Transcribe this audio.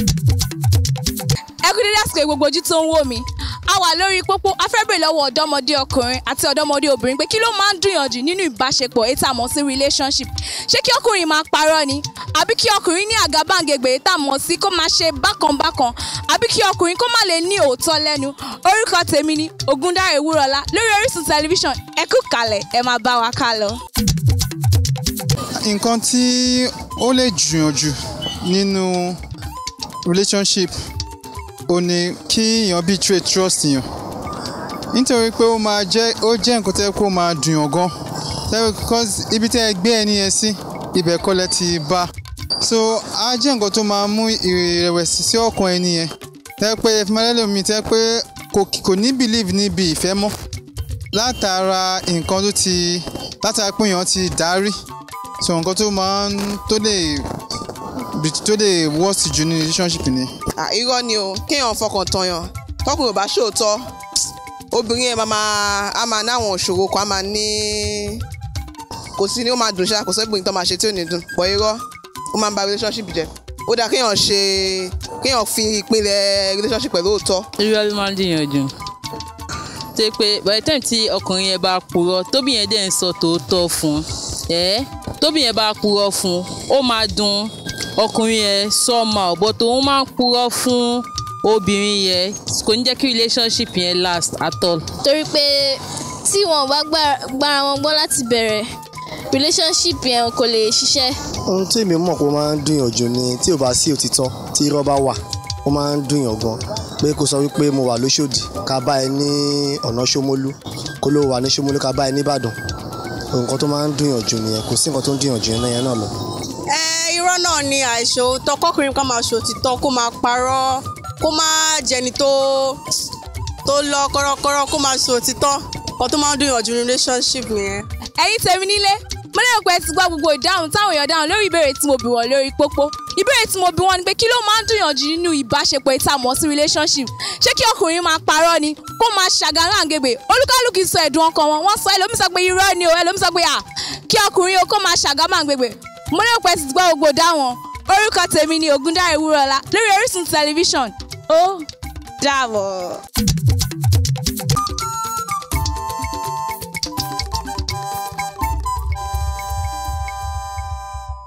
ẹ kú dédé àsìkò gbogbo ojú tó ń wò mí a wà lórí pópó afẹ́bẹ̀rẹ̀ lọ́wọ́ ọ̀dọ́mọdé ọkùnrin àti ọ̀dọ́mọdé obìnrin pé kí ló máa ń dùnyànjú nínú ìbáṣepọ̀ èyí tá a mọ̀ sí relationship ṣé kí ọkùnrin máa parọ́ ni àbí kí ọkùnrin ní àgàbàǹgẹ̀gbẹ̀ èyí tá a mọ̀ sí kó máa ṣe bákanbákan àbí kí ọkùnrin kó má lè ní òótọ́ lẹ́nu orúkọ tèmi ni Ògúndáre Wúrọ̀lá lórí Orísun tẹlifíṣàn ẹ kú kalẹ̀ ẹ máa bá wa ká lọ. nǹkan tí ó lè jùyànjú relationship ò ní kí èèyàn betray trust yàn nítorí pé ó máa jẹ́ ó jẹ́ nǹkan tẹ́ kó máa dùn yàn gan tẹ́wọ́ because ibi tẹ́ ẹ gbé ẹni yẹn sí ibẹ̀ kọ́ lẹ ti bá so á jẹ́ nǹkan tó máa mú ìrẹ̀wẹ̀sì sí ọkàn ẹni yẹn tẹ́ pé ẹ̀fúnmọ́lẹ́lòmí tẹ́ pé kò ní believe níbi ìfẹ́ mọ́ látara nǹkan tó ti látara pé èèyàn ti dárí so nǹkan tó máa ń tó lè tó dé worst jù ní relationship ni. irọ́ ni o kéèyàn fọkàn tán yàn tọkùnrin ò bá ṣòótọ́ obìnrin yẹn máa a máa náwọn òṣòro kan a máa ní kò sí ni ó máa dùn ṣá kò sẹ́gbìn tó máa ṣe tí ò ní dùn pọ̀ irọ́ ó máa ń ba relationship jẹ́ ó dáa kéèyàn ṣe kéèyàn fi ìpínlẹ̀ relationship pẹ̀lú òótọ́. irọ́ ló máa ń dìyàn jù tó pé by the time tí ọkùnrin yẹn bá purọ́ tóbi yẹn dẹ̀ ń sọ tòótọ́ fún ẹ́ tóbi yẹn bá purọ́ fún ó máa dùn ọkùnrin yẹn somehow but òun máa ń purọ́ fún obìnrin yẹn kò ní jẹ́ kí relationship yẹn last at all. torí pé tí wọn bá gbára wọn gbọ́ láti bẹ̀rẹ̀ relationship yẹn kò lè ṣiṣẹ́. ohun tí èmi mọ̀ pé ó máa ń dùnyàn jù ni tí ò bá sí òtítọ́ tí irọ́ bá wà ó máa ń dùnyàn pé kó sọ wípé mo wà lóṣòdì ká bá ẹ ní ọ̀nà ṣómólú kó ló wà ní ṣómólú ká bá ẹ ní ìbàdàn nǹkan tó máa ń dùnyàn jù nìyẹn kò sí nǹkan tó ń dùnyàn jù nìyẹn náà lọ irọ́ náà ni àìṣòótọ́ kọ́kùnrin kan máa ṣòtítọ́ kó máa parọ́ kó máa jẹni tó tó lọ kọ́rọ́kọ́rọ́ kó máa ṣòtítọ́ ọ̀ tó máa ń dùn relationship nìyẹn. ẹ̀yin tèmi nílé mo lérò pé ẹ ti gbọ́ gbogbo ìdáhùn táwọn èèyàn dáhùn lórí ìbéèrè tí mo bì wọ́n lórí pópó ìbéèrè tí mo bì wọ́n ni pé kí ló máa ń dùnyànjú nínú ìbáṣepọ̀ ìta mọ̀ sí relationship ṣé kí ọkùnrin máa parọ́ ni kó máa ṣàgàlàǹgẹ̀gbẹ̀ olúkálùkì sọ ẹ̀dùn ọkàn wọn wọ́n sọ ẹlòmíì sọ pé irọ́ ni o ẹlòmíì sọ pé à kí ọkùnrin o kó máa ṣàgàmàǹgbègbè mo lérò pé ti gbọ́ gbogbo dáwọn orúkọ tèmi ni Ògúndáre Wúrọ́lá lórí Orísun tẹlifíṣàn ó dàbọ̀.